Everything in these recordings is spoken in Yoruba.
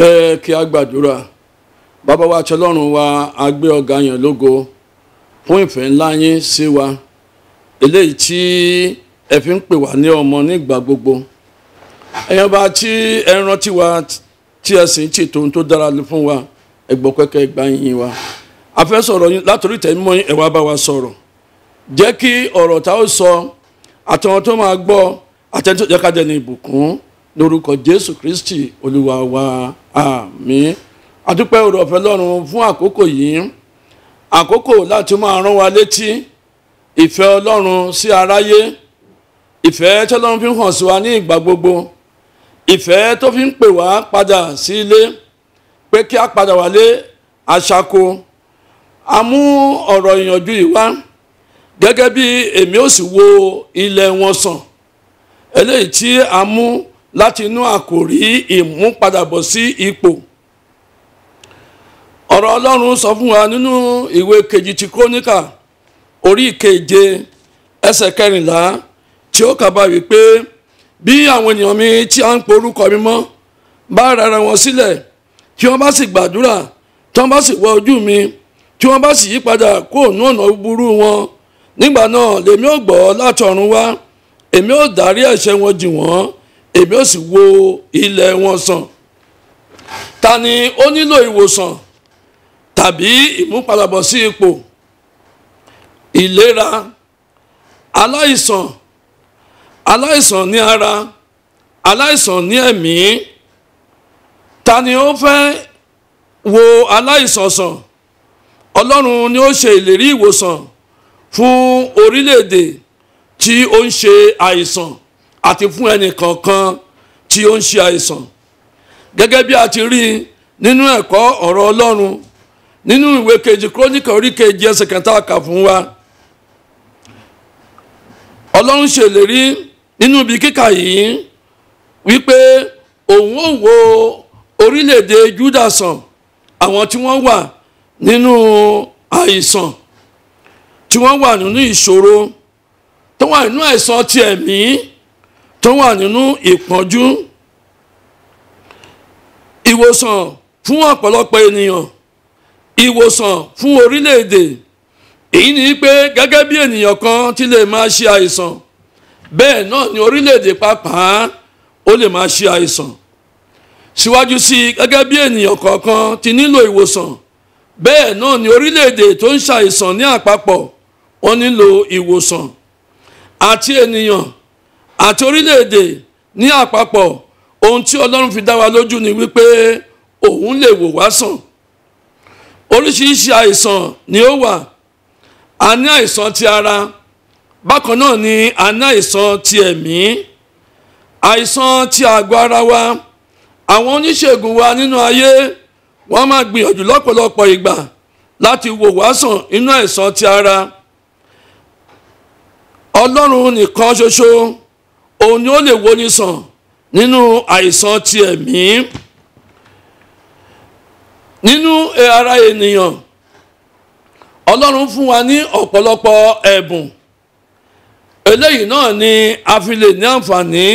jẹ́ kí a gbàdúrà bàbá wa àti ọlọ́run wa a gbé ọ̀gá yẹn lógo fún ìfẹ́ ńlá yín sí wa eléyìí tí ẹ fi ń pè wá ní ọmọ nígbà gbogbo ẹ̀yàn bá tí ẹ rántí wa tí ẹ sì ń ṣètò ohun tó dára fún wa ẹgbọ́n kẹ́kẹ́ gbá yín wa a fẹ́ sọ̀rọ̀ yín látòrí tẹ̀mọ́ yín ẹ bá wa sọ̀rọ̀ jẹ́ kí ọ̀rọ̀ tá ó sọ àtàwọn tó máa gbọ́ àtẹ̀tọ́ jẹ́ dẹni ìbùkún lórúkọ jésù kristi olúwa wa àmín adúpẹ́ ọ̀rọ̀ ọ̀fẹ́ lọ́run fún àkókò yìí àkókò láti máa rán wa létí ìfẹ́ ọlọ́run sí aráyé ìfẹ́ tọ́lọ́run fi ń hàn sí wa ní ìgbà gbogbo ìfẹ́ tó fi ń pè wá padà sí ilé pé kí a padà wálé àṣàkò a mú ọ̀rọ̀ ìyànjú yìí wá gẹ́gẹ́ bí èmi ó sì wo ilẹ̀ wọn sàn eléyìí tí a mú láti inú àkòrí ìmúpadàbọ̀ sí ipò ọ̀rọ̀ ọlọ́run sọ fún wa nínú ìwé kejì ti króníkà orí ìkeje ẹsẹ̀ kẹrìnlá tí ó kàbá wípé bí àwọn ènìyàn mi tí a ń porúkọ mi mọ́ bá rárá wọn sílẹ̀ tí wọ́n bá sì gbàdúrà tí wọ́n bá sì wọ ojú mi tí wọ́n bá sì yí kó òun ọ̀nà búburú wọn nígbà náà lèmi ò gbọ́ láti wá èmi ò dárí ẹ̀ṣẹ̀ wọn jì wọ́n èmi ò sì wo ilẹ̀ wọn sàn ta ni ó nílò ìwòsàn tàbí ìmúpadàbọ̀ sí ipò ìlera aláìsàn aláìsàn ní ara aláìsàn ní ẹ̀mí ta ni ó fẹ́ wo aláìsàn sàn ọlọ́run ni ó ṣe ìlérí ìwòsàn fún orílẹ̀-èdè tí ó ń ṣe àìsàn àti fún ẹnìkọ̀ọ̀kan tí ó ń ṣe àìsàn gẹ́gẹ́ bí a ti rí nínú ẹ̀kọ́ ọ̀rọ̀ Ọlọ́run nínú ìwé kejì kírónìkà orí kejì ẹsẹ̀ kẹta kà fún wa Ọlọ́run ṣèlérí nínú ibi kíkà yìí wípé òun ò wo orílẹ̀-èdè Júdà sàn àwọn tí wọ́n wà nínú àìsàn tí wọ́n wà nínú ìṣòro tó wà nínú àìsàn ti ẹ̀mí tó wà nínú ìpọ́njú ìwòsàn fún ọ̀pọ̀lọpọ̀ ènìyàn ìwòsàn fún orílẹ̀-èdè èyí ni pé gẹ́gẹ́ bí ènìyàn kan ti lè máa ṣe àìsàn bẹ́ẹ̀ náà ni orílẹ̀-èdè pàápàá ó lè máa ṣe àìsàn síwájú sí i gẹ́gẹ́ bí ènìyàn kọ̀ọ̀kan ti nílò ìwòsàn bẹ́ẹ̀ náà ni orílẹ̀-èdè tó ń ṣàìsàn ní àpapọ̀ ó nílò ìwòsàn àti ènìyàn àti orílẹ̀-èdè ní àpapọ̀ ohun tí ọlọ́run fi dá wa lójú ni wípé òun lè wò wá sàn oríṣiríṣi àìsàn ni ó wà a ní àìsàn ti ara bákan náà ni a ní àìsàn ti ẹ̀mí àìsàn ti àgọ́ ara wa àwọn oníṣègùn wa nínú ayé wọ́n máa gbìyànjú lọ́pọ̀lọpọ̀ ìgbà láti wò wá sàn inú àìsàn ti ara ọlọ́run nìkan ṣoṣo òun ni ó lè woni sàn nínú àìsàn ti ẹ̀mí nínú eh, ara ènìyàn ọlọ́run fún wa ní ọ̀pọ̀lọpọ̀ ẹ̀bùn eléyìí náà ni a fi lè ní àǹfààní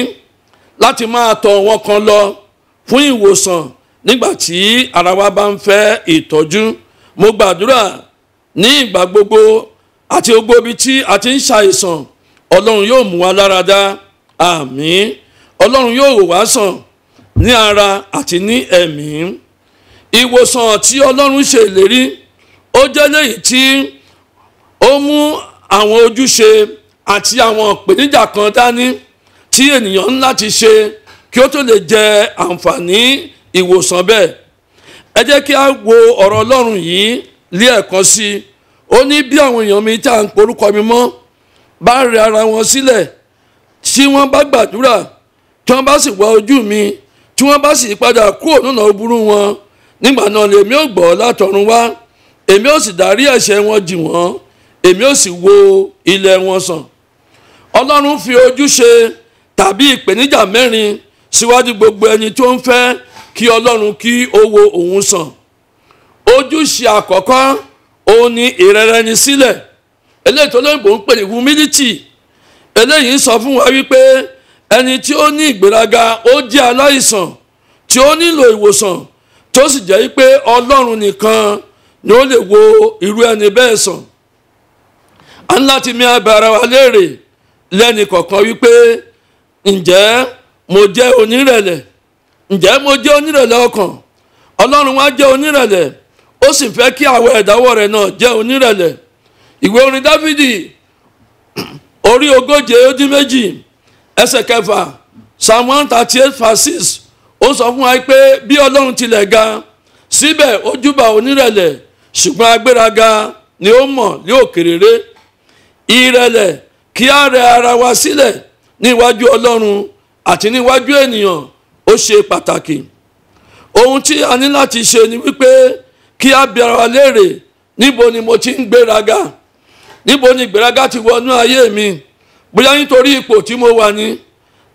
láti máa tọ̀ wọn kan lọ fún ìwòsàn nígbà tí ara wa bá ń fẹ́ ìtọ́jú mo gbàdúrà ní ìgbà gbogbo àti gbogbo ibi tí a ti ń ṣàìsàn ọlọ́run yóò mú wa lára dá àmín ọlọ́run yóò wò wá sàn ní ara àti ní ẹ̀mí ìwòsàn tí ọlọ́run ṣe ìlérí ó jẹ́ léyìí tí ó mú àwọn ojúṣe àti àwọn ìpèníjà kan dání tí ènìyàn ń láti ṣe kí ó tó lè jẹ àǹfààní ìwòsàn bẹ́ẹ̀ ẹ jẹ́ kí a wo ọ̀rọ̀ ọlọ́run yìí lé ẹ̀kan sí i ó ní bí àwọn èèyàn mi tá à ń porúkọ mi mọ́ bá rẹ ara wọn sílẹ̀ si tí wọ́n bá gbàdúrà tí wọ́n bá sì wá ojú mi tí wọ́n bá sì padà kúrò nínú burú wọn nígbà náà lèmi ò gbọ́ látọ̀run wá èmi ò sì dárí ẹ̀ṣẹ̀ wọn jì wọ́n èmi ò sì wo ilẹ̀ wọn sàn ọlọ́run fi ojúṣe tàbí ìpèníjà mẹ́rin síwájú gbogbo ẹni tó ń fẹ́ kí ọlọ́run kí ó wo òun sàn ojúṣe àkọ́kọ́ òun ni ìrẹ̀rẹ̀ ni sílẹ̀ eléyìí tó lóyìnbó ń pè ní humility eléyìí ń sọ fún wa wípé ẹni tí ó ní ìgbéraga ó jẹ́ aláìsàn tí ó nílò ìwòsàn tó sì jẹ́ wípé ọlọ́run nìkan ni ó lè wo irú ẹni bẹ́ẹ̀ sàn á ní láti mi abẹ́rẹ́ wa léèrè lẹ́ni kọ̀ọ̀kan wípé ǹjẹ́ mo jẹ́ onírẹ̀lẹ̀ ǹjẹ́ mo jẹ́ onírẹ̀lẹ̀ ọkàn ọlọ́run wa jẹ́ onírẹ̀lẹ̀ ó sì fẹ́ kí àwọn ẹ̀dáwọ̀ rẹ̀ náà jẹ́ onírẹ̀lẹ̀ ìwé orin dáfídì orí ogóje ó dín méjì ẹsẹ̀ kẹfà psalm one thirty eight verse six ó sọ fún wa pé bí ọlọ́run tilẹ̀ ga síbẹ̀ ojúbà onírẹ̀lẹ̀ ṣùgbọ́n agbéraga ni ó mọ̀ ní òkèrèrè ìrẹ̀lẹ̀ kí a rẹ ara wa sílẹ̀ níwájú ọlọ́run àti níwájú ènìyàn ó ṣe pàtàkì ohun tí a ní láti ṣe ni wípé kí a bi wa léèrè níbo ni mo ti ń gbéraga níbo ni ìgbéraga ti wọnú ayé mi bóyá nítorí ipò tí mo wà ní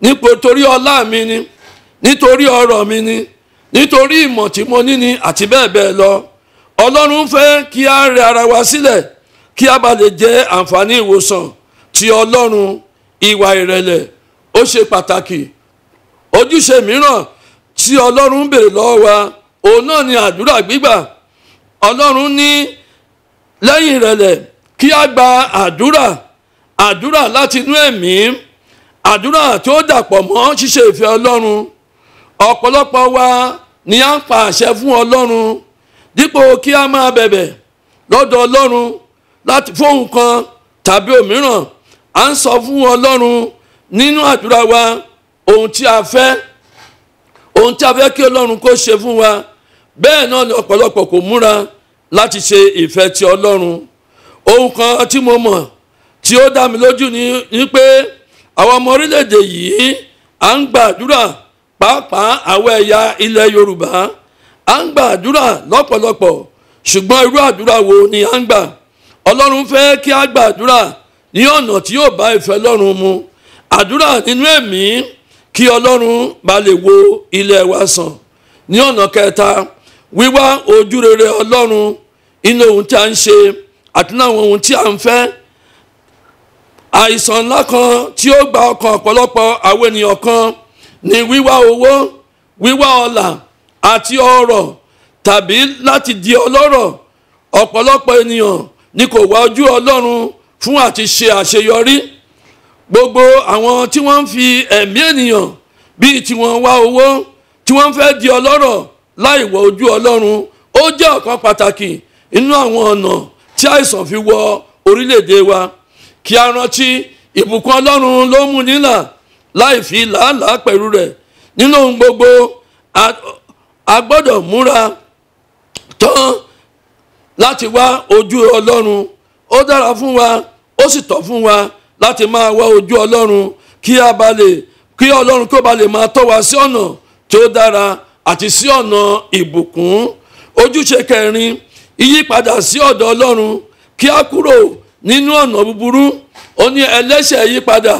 nítorí ọlá mi ni nítorí ọrọ̀ mi ni nítorí ìmọ̀ tí mo ní ni àti bẹ́ẹ̀ bẹ́ẹ̀ lọ ọlọ́run fẹ́ kí a rẹ ara wa sílẹ̀ kí a bá lè jẹ àǹfààní ìwòsàn ti ọlọ́run ìwà ìrẹ̀lẹ̀ ó ṣe pàtàkì ojúṣe mìíràn tí ọlọ́run béèrè lọ́wọ́ wa òun náà ni àdúrà gbígbà ọlọ́run ní lẹ́yìn ìrẹ̀lẹ̀ kí a gba àdúrà àdúrà láti inú ẹ̀mí àdúrà tó dàpọ̀ mọ́ ṣíṣe ìfẹ́ ọlọ́run ọ̀pọ̀lọpọ̀ wa ni a ń pa àṣẹ fún ọlọ́run dípò kí a máa bẹ̀bẹ̀ lọ́dọ̀ ọlọ́run láti fóun kan tàbí òmíràn à ń sọ fún ọlọ́run nínú àdúrà wa ohun tí a fẹ́ ohun tí a fẹ́ kí ọlọ́run kó ṣe fún wa bẹ́ẹ̀ náà ni ọ̀pọ̀lọpọ̀ kò múra láti ṣe ìfẹ́ ti ọlọ́run ohun kan tí mo mọ̀ tí ó dá mi lójú ni pé àwọn ọmọ orílẹ̀-èdè yìí à ń gbàdúrà pàápàá àwọn ẹ̀yà ilẹ̀ Yorùbá à ń gbàdúrà lọ́pọ̀lọpọ̀ ṣùgbọ́n irú àdúrà wo ni à ń gbà Ọlọ́run fẹ́ kí a gbàdúrà ní ọ̀nà tí yóò bá ìfẹ́ Ọlọ́run mu àdúrà nínú ẹ̀mí kí Ọlọ́run bá lè wo ilẹ̀ wa sàn ní ọ̀nà kẹta wíwá ojúrere Ọlọ́run inú ohun tí a ń ṣe àti náà àwọn ohun tí à ń fẹ́ àìsàn ńlá kan tí ó gba ọkàn ọ̀pọ̀lọpọ̀ àwọn ènìyàn kan ní wíwá owó wíwá ọlà àti ọrọ̀ tàbí láti di ọlọ́rọ̀ ọ̀pọ̀lọpọ̀ ènìyàn ni kò wá ojú ọlọ́run fún àti ṣe àṣeyọrí gbogbo àwọn tí wọ́n ń fi ẹ̀mí ènìyàn bíi tiwọn wá owó tí wọ́n fẹ́ di ọlọ́rọ̀ láì wọ ojú ọlọ́run ó jẹ́ ọ̀kan pàtàkì nínú àwọn ọ̀nà tí àìsàn fi wọ orílẹ̀-èdè wa kí a rántí ìbùkún ọlọ́run ló mú nílà láì fi làálàá pẹ̀lú rẹ̀ nínú ohun gbogbo a gbọ́dọ̀ múra tán láti wá ojú ọlọ́run ó dára fún wa ó sì tọ́ fún wa láti máa wá ojú ọlọ́run kí a bá lè kí ọlọ́run kó ba lè máa tọ́ wa sí ọ̀nà ti o dára àti sí ọ̀nà ìbùkún ojúṣe kẹrin ìyípadà sí ọ̀dọ̀ ọlọ́run kí a kúrò nínú ọ̀nà búburú ó ní ẹlẹ́ṣẹ̀ yípadà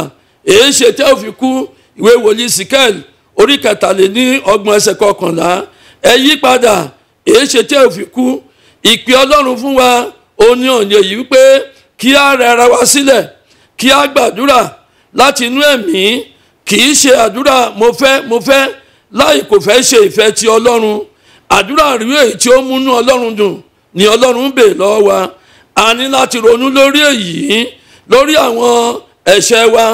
èé ṣe tẹ́ ò fi kú ìwé wòlíì síkẹ́l orí kẹtàléní ọgbọ̀n ẹsẹ̀ kọkànlá ẹ yípadà èé ṣe tẹ́ ò fi kú ìpè ọlọ́run fún wa ó ní òní èyí wípé kí a rẹ ara wa sílẹ̀ kí a gbàdúrà láti inú ẹ̀mí kì í ṣe àdúrà mo fẹ́ mo fẹ́ láì kò fẹ́ ṣe ìfẹ́ ti ọlọ́run àdúrà rí èyí tí ó múnú ọlọ́run dùn ni ọlọ́run ń bè lọ́wọ́ wa a ní láti ronú lórí èyí lórí àwọn ẹ̀ṣẹ̀ wa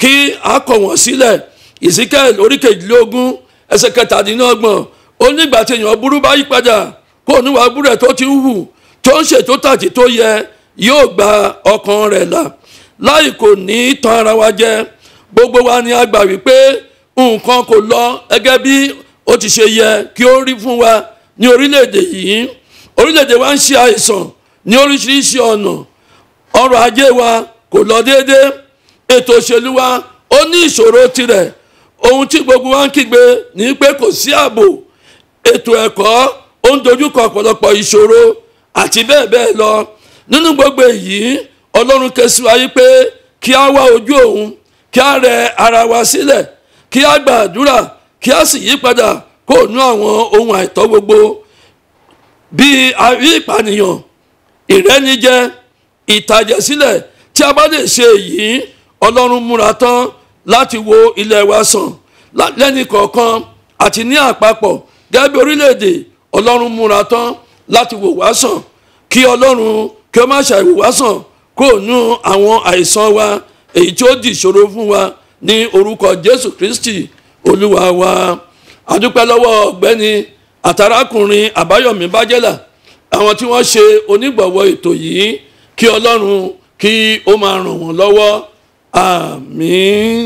kí a kọ̀ wọ́n sílẹ̀ ìsíkẹ́ oríkèjìlélógún ẹsẹ̀ kẹtàdínlọ́gbọ̀n ó nígbà tí èèyàn burú bá yí padà kó níwà burú ẹ̀ tó ti ń hù tó ń ṣètò tàtí tó yẹ yóò gba ọkàn rẹ̀ là láì kò ní tan ara wa jẹ gbogbo wa ni a gbà wípé nǹkan kò lọ gẹ́gẹ́ bí ó ti ṣe yẹ kí ó rí fún wa ní orílẹ̀-èdè yìí orílẹ̀-èdè wa ń ṣe àìsàn ní oríṣiríṣi ọ̀nà ọrọ̀ ajé wa kò lọ déédéé ètò òṣèlú wa ó ní ìṣòro tirẹ̀ ohun tí gbogbo wa ń kígbe ní pé kò sí ààbò ètò ẹ̀kọ́ ó ń dojúkọ ọ̀pọ̀lọpọ̀ ìṣòro àti bẹ́ẹ̀ bẹ́ẹ̀ lọ nínú gbogbo èyí ọlọ́run ké sí wa yí pé kí a wá ojú òun kí a rẹ ara wa sílẹ̀ kí a gbàdúrà kí a sì yípadà kó nú àwọn ohun àìtọ́ gbogbo bíi àrí ìpànìyàn ìrẹ́nijẹ ìtàjẹ̀sílẹ̀ tí a bá lè ṣe èyí ọlọ́run múra tán láti wo ilẹ̀ wa sàn lẹ́ni kọ̀ọ̀kan àti ní àpapọ̀ gẹ́gẹ́ bí orílẹ̀-èdè ọlọ́run múra tán láti wò wá sàn kí ọlọ́run kí ó má ṣàìwò wá sàn kó nu àwọn àìsàn wa èyí tí ó di ìṣòro fún wa ní orúkọ jésù kristi olúwa wa a lọ́wọ́ ọ̀gbẹ́ni àtàrákùnrin àbáyọ̀mí bájẹ́là àwọn tí wọ́n ṣe onígbọ̀wọ́ ètò yìí kí ọlọ́run kí ó máa ràn wọ́n lọ́wọ́ àmín.